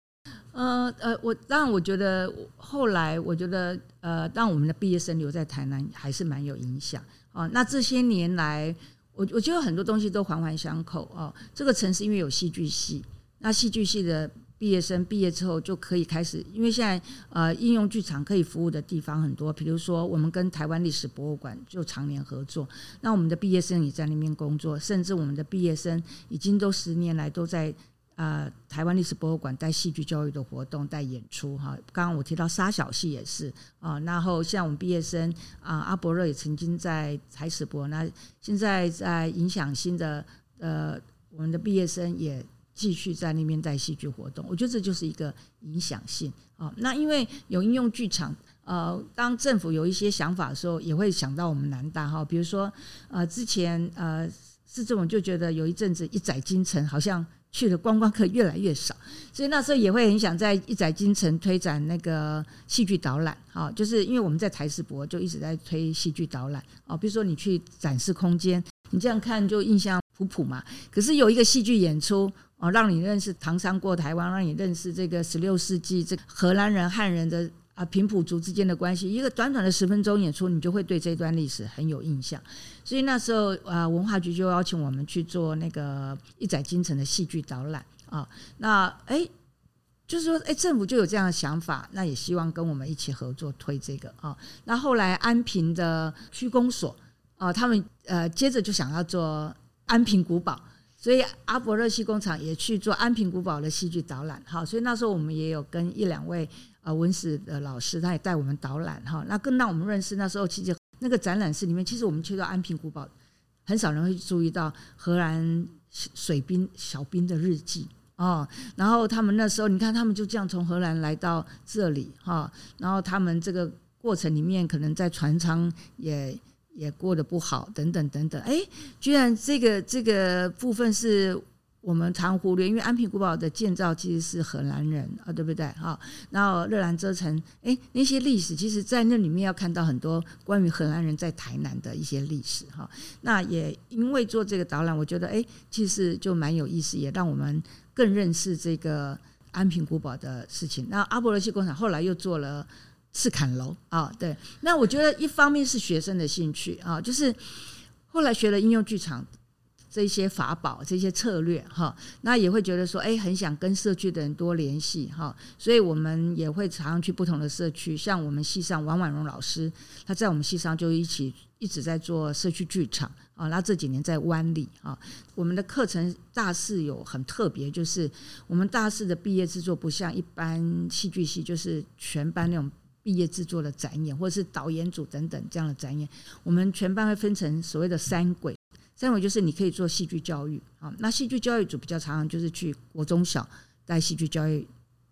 呃呃，我當然，我覺得後來我覺得呃，當我們的畢業生留在台南還是蠻有影響哦。那這些年來，我我覺得很多東西都環環相扣哦。這個城市因為有戲劇系，那戲劇系的。畢業生畢業之後就可以開始，因為現在呃應用劇場可以服務的地方很多，比如說我們跟台灣歷史博物館就常年合作，那我們的畢業生也在那邊工作，甚至我們的畢業生已經都十年來都在啊、呃、台灣歷史博物館帶戲劇教育的活動、帶演出哈、哦。剛剛我提到沙小戲也是啊、哦，然後像我們畢業生啊阿伯樂也曾經在台史博，那現在在影響新的呃我們的畢業生也，繼續在那邊帶戲劇活動，我覺得這就是一個影響性啊。那因為有應用劇場，呃，當政府有一些想法的時候，也會想到我們南大哈。比如說，呃，之前呃，市政府就覺得有一陣子億載金城好像去的觀光客越來越少，所以那時候也會很想在億載金城推展那個戲劇導覽啊、哦，就是因為我們在台史博就一直在推戲劇導覽啊、哦。比如說你去展示空間，你這樣看就印象普普嘛。可是有一個戲劇演出。哦，讓你認識唐山過台灣，讓你認識這個十六世紀這個荷蘭人漢人的啊平埔族之間的關係，一個短短的十分鐘演出，你就會對這段歷史很有印象。所以那時候啊，文化局就邀請我們去做那個億載金城的戲劇導覽啊。那哎，就是說哎，政府就有這樣的想法，那也希望跟我們一起合作推這個啊。那後來安平的區公所啊，他們呃接着就想要做安平古堡。所以阿伯樂戲工場也去做安平古堡的戲劇導覽，哈，所以那時候我們也有跟一兩位呃文史的老師，他也帶我們導覽，哈，那更讓我們認識那時候其實那個展覽室裡面，其實我們去到安平古堡，很少人會注意到荷蘭水兵小兵的日記哦，然後他們那時候你看他們就這樣從荷蘭來到這裡，哈，然後他們這個過程裡面可能在船艙也。也過得不好，等等等等，哎、欸，居然這個這個部分是我們常忽略，因為安平古堡的建造其實是荷蘭人啊，對不對？哈，然後熱蘭遮城，哎、欸，那些歷史，其實在那裡面要看到很多關於荷蘭人在台南的一些歷史，哈。那也因為做這個導覽，我覺得，哎、欸，其實就蠻有意思，也讓我們更認識這個安平古堡的事情。那阿伯樂戲工場後來又做了。是赤崁樓啊，對。那我覺得一方面是學生的興趣啊，就是後來學了應用劇場這一些法寶、這些策略哈，那也會覺得說，哎，很想跟社區的人多聯繫哈。所以我們也會常去不同的社區，像我們系上王婉容老師，他在我們系上就一起一直在做社區劇場啊。那這幾年在灣裡啊，我們的課程大四有很特別，就是我們大四的畢業制作不像一般戲劇系，就是全班那種。畢業制作的展演，或者是導演組等等這樣的展演，我們全班會分成所謂的三軌，三軌就是你可以做戲劇教育啊。那戲劇教育組比較常就是去國中小帶戲劇教育，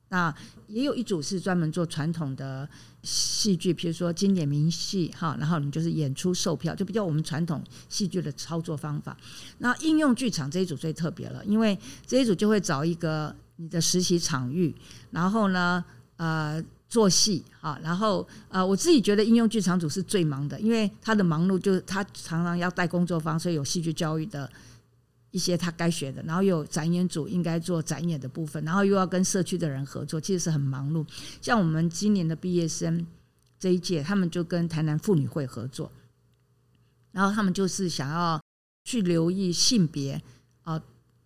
那也有一組是專門做傳統的戲劇，比如說經典名戲哈，然後你就是演出售票，就比較我們傳統戲劇的操作方法。那應用劇場這一組最特別了，因為這一組就會找一個你的實習場域，然後呢，呃。做戲啊，然後呃，我自己覺得應用劇場組是最忙的，因為他的忙碌就是他常常要帶工作坊，所以有戲劇教育的一些他該學的，然後有展演組應該做展演的部分，然後又要跟社區的人合作，其實是很忙碌。像我們今年的畢業生這一屆，他們就跟台南婦女會合作，然後他們就是想要去留意性別啊。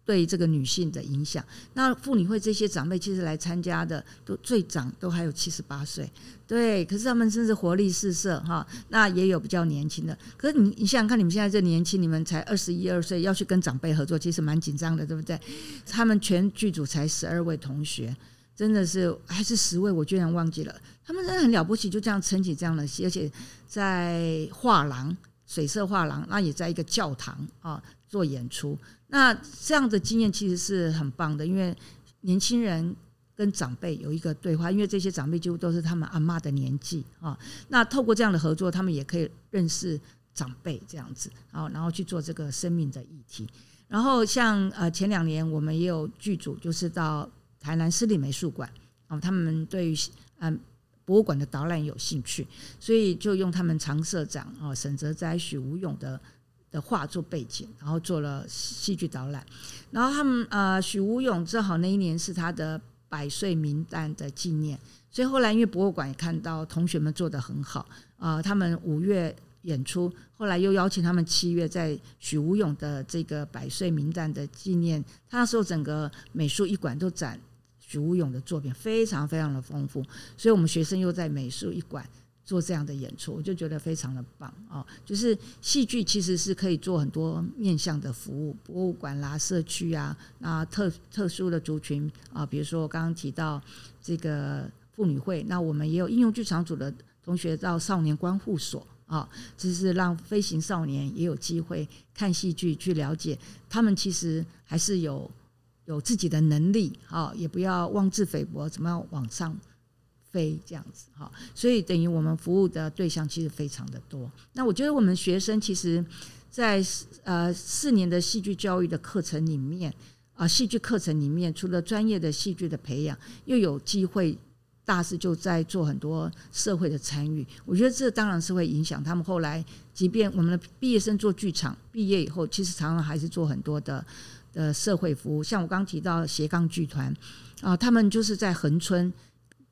對這個女性的影響，那婦女會這些長輩其實來參加的都最長都還有七十八歲，對，可是他們真是活力四射哈，那也有比較年輕的。可是你你想想看，你們現在這年輕，你們才二十一二歲，要去跟長輩合作，其實蠻緊張的，對不對？他們全劇組才十二位同學，真的是還是十位，我居然忘記了。他們真的很了不起，就這樣撐起這樣的戲，而且在畫廊，水色畫廊，那也在一個教堂啊做演出。那這樣的經驗其實是很棒的，因為年輕人跟長輩有一個對話，因為這些長輩幾乎都是他們阿嬤的年紀啊。那透過這樣的合作，他們也可以認識長輩這樣子，然後然後去做這個生命的議題。然後像呃前兩年我們也有劇組，就是到台南市立美術館，哦，他們對於嗯博物館的導覽有興趣，所以就用他們常社長哦沈哲哉、許武勇的。的畫作背景，然後做了戲劇導覽，然後他們呃許武勇，正好那一年是他的百歲冥誕的紀念，所以後來因為博物館也看到同學們做得很好，啊、呃，他們五月演出，後來又邀請他們七月在許武勇的這個百歲冥誕的紀念，他那時候整個美術一館都展許武勇的作品，非常非常的豐富，所以我們學生又在美術一館做這樣的演出，我就覺得非常的棒哦！就是戲劇其實是可以做很多面向的服務，博物館啦、啊、社區啊，啊、特特殊的族群啊，比如說我剛剛提到這個婦女會，那我們也有應用劇場組的同學到少年觀護所啊，就是讓飛行少年也有機會看戲劇，去了解他們其實還是有有自己的能力啊，也不要妄自菲薄，怎麼樣往上。飛這樣子哈，所以等於我們服務的對象其實非常的多。那我覺得我們學生其實在四，在呃四年的戲劇教育的課程裡面，啊戲劇課程裡面，除了專業的戲劇的培養，又有機會，大四就在做很多社會的參與。我覺得這當然是會影響他們後來，即便我們的畢業生做劇場畢業以後，其實常常還是做很多的呃社會服務。像我剛提到斜槓劇團，啊、呃，他們就是在恆春。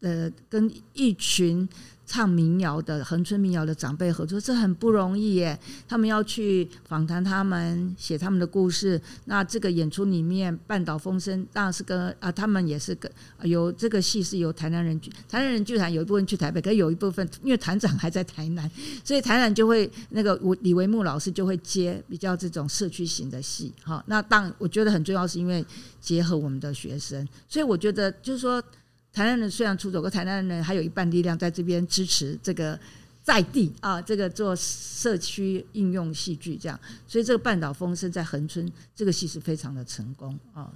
呃，跟一群唱民謠的恆春民謠的長輩合作，這很不容易耶。他們要去訪談他們，寫他們的故事。那這個演出裡面，半島風聲當然是跟啊，他們也是跟有、呃、這個戲是由台南人劇台南人劇團有一部分去台北，可是有一部分因為團長還在台南，所以台南就會那個我李維睦老師就會接比較這種社區型的戲哈。那當我覺得很重要，是因為結合我們的學生，所以我覺得就是說。台南人雖然出走，可台南人還有一半力量在這邊支持這個在地啊，這個做社區應用戲劇這樣，所以這個半島風聲在恆春這個戲是非常的成功啊。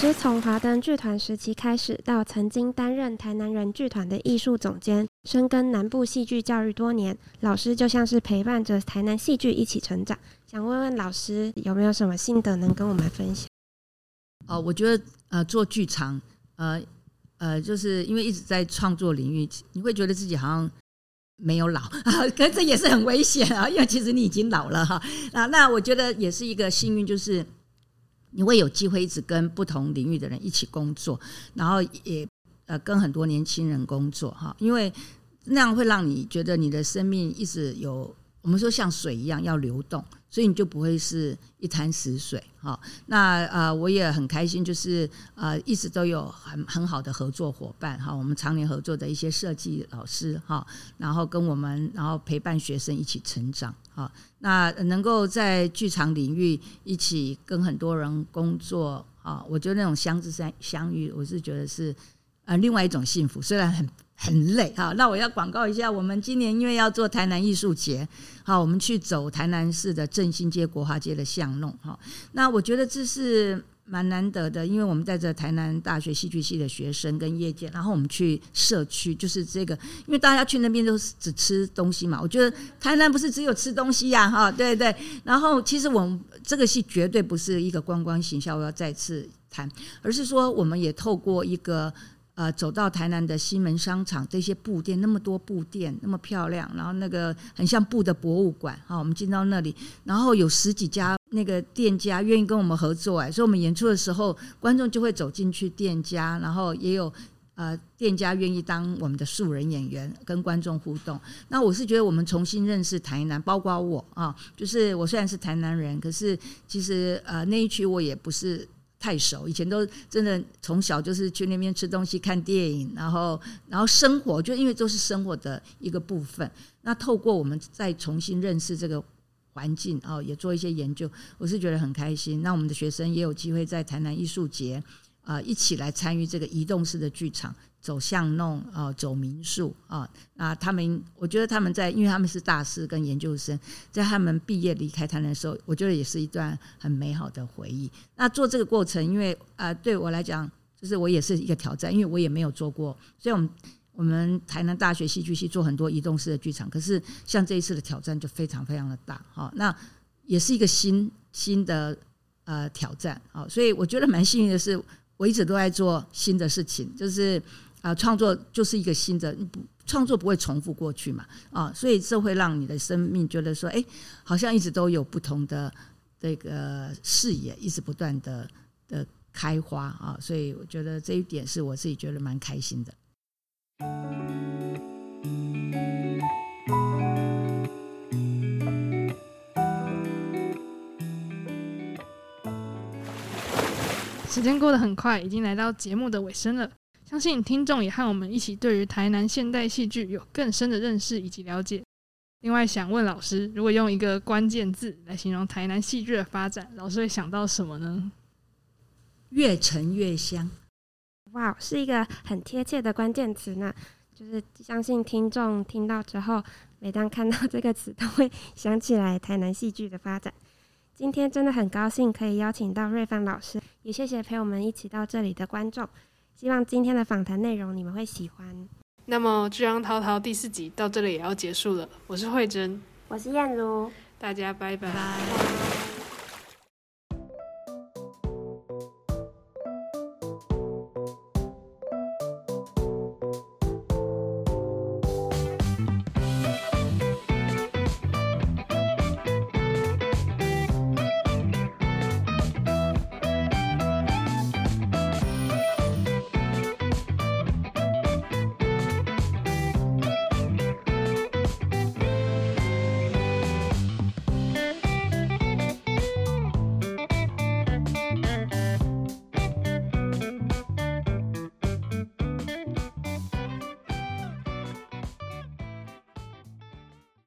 師從華燈劇團時期開始，到曾經擔任台南人劇團的藝術總監，深耕南部戲劇教育多年，老師就像是陪伴着台南戲劇一起成長。想問問老師有沒有什麼心得能跟我們分享？哦，我覺得呃做劇場，呃呃就是因為一直在創作領域，你會覺得自己好像沒有老啊，可是這也是很危險啊，因為其實你已經老了哈啊。那我覺得也是一個幸運，就是。你會有機會一直跟不同領域的人一起工作，然後也呃跟很多年輕人工作哈，因為那樣會讓你覺得你的生命一直有，我們說像水一樣要流動。所以你就不會是一潭死水哈。那呃，我也很開心，就是呃，一直都有很很好的合作夥伴哈。我們常年合作的一些設計老師哈，然後跟我們然後陪伴學生一起成長哈。那能夠在劇場領域一起跟很多人工作啊，我覺得那種相知相相遇，我是覺得是呃另外一種幸福，雖然很。很累哈，那我要廣告一下，我們今年因為要做台南藝術節，好，我們去走台南市的正興街、國華街的巷弄哈。那我覺得這是蠻難得的，因為我們帶着台南大學戲劇系的學生跟業界，然後我們去社區，就是這個，因為大家去那邊都是只吃東西嘛。我覺得台南不是只有吃東西呀、啊，哈，對，對對。然後其實我們這個戲絕對不是一個觀光形象，我要再次談，而是說我們也透過一個。呃，走到台南的西門商場，這些布店，那麼多布店，那麼漂亮，然後那個很像布的博物館，好，我們進到那裡，然後有十幾家那個店家願意跟我們合作，哎，所以我們演出的時候，觀眾就會走進去店家，然後也有呃店家願意當我們的素人演員跟觀眾互動。那我是覺得我們重新認識台南，包括我啊，就是我雖然是台南人，可是其實呃那一區我也不是太熟，以前都真的從小就是去那邊吃東西、看電影，然後然後生活，就因為都是生活的一個部分。那透過我們再重新認識這個環境啊、哦，也做一些研究，我是覺得很開心。那我們的學生也有機會在台南藝術節啊，一起來參與這個移動式的劇場。走巷弄啊，走民宿啊，那他們，我覺得他們在，因為他們是大四跟研究生，在他們畢業離開台南的時候，我覺得也是一段很美好的回憶。那做這個過程，因為啊，對我來講，就是我也是一個挑戰，因為我也沒有做過。所以，我們我們台南大學戲劇系做很多移動式的劇場，可是像這一次的挑戰就非常非常的大，好，那也是一個新新的呃挑戰啊，所以我覺得蠻幸運的是，我一直都在做新的事情，就是。創作就是一個新的，創作不會重複過去嘛？啊、哦，所以這會讓你的生命覺得說，哎，好像一直都有不同的這個視野，一直不斷的的開花啊、哦。所以我覺得這一點是我自己覺得蠻開心的。時間過得很快，已經來到節目的尾聲了。相信聽眾也和我們一起，對於台南現代戲劇有更深的認識以及了解。另外，想問老師，如果用一個關鍵字來形容台南戲劇的發展，老師會想到什麼呢？越陳越香。哇，wow, 是一個很貼切的關鍵詞呢。就是相信聽眾聽到之後，每當看到這個詞，都會想起來台南戲劇的發展。今天真的很高興可以邀請到瑞芳老師，也謝謝陪我們一起到這裡的觀眾。希望今天的訪談內容你們會喜歡。那麼《劇浪滔滔》第四集到這裡也要結束了。我是慧珍，我是燕如，大家拜拜。拜拜。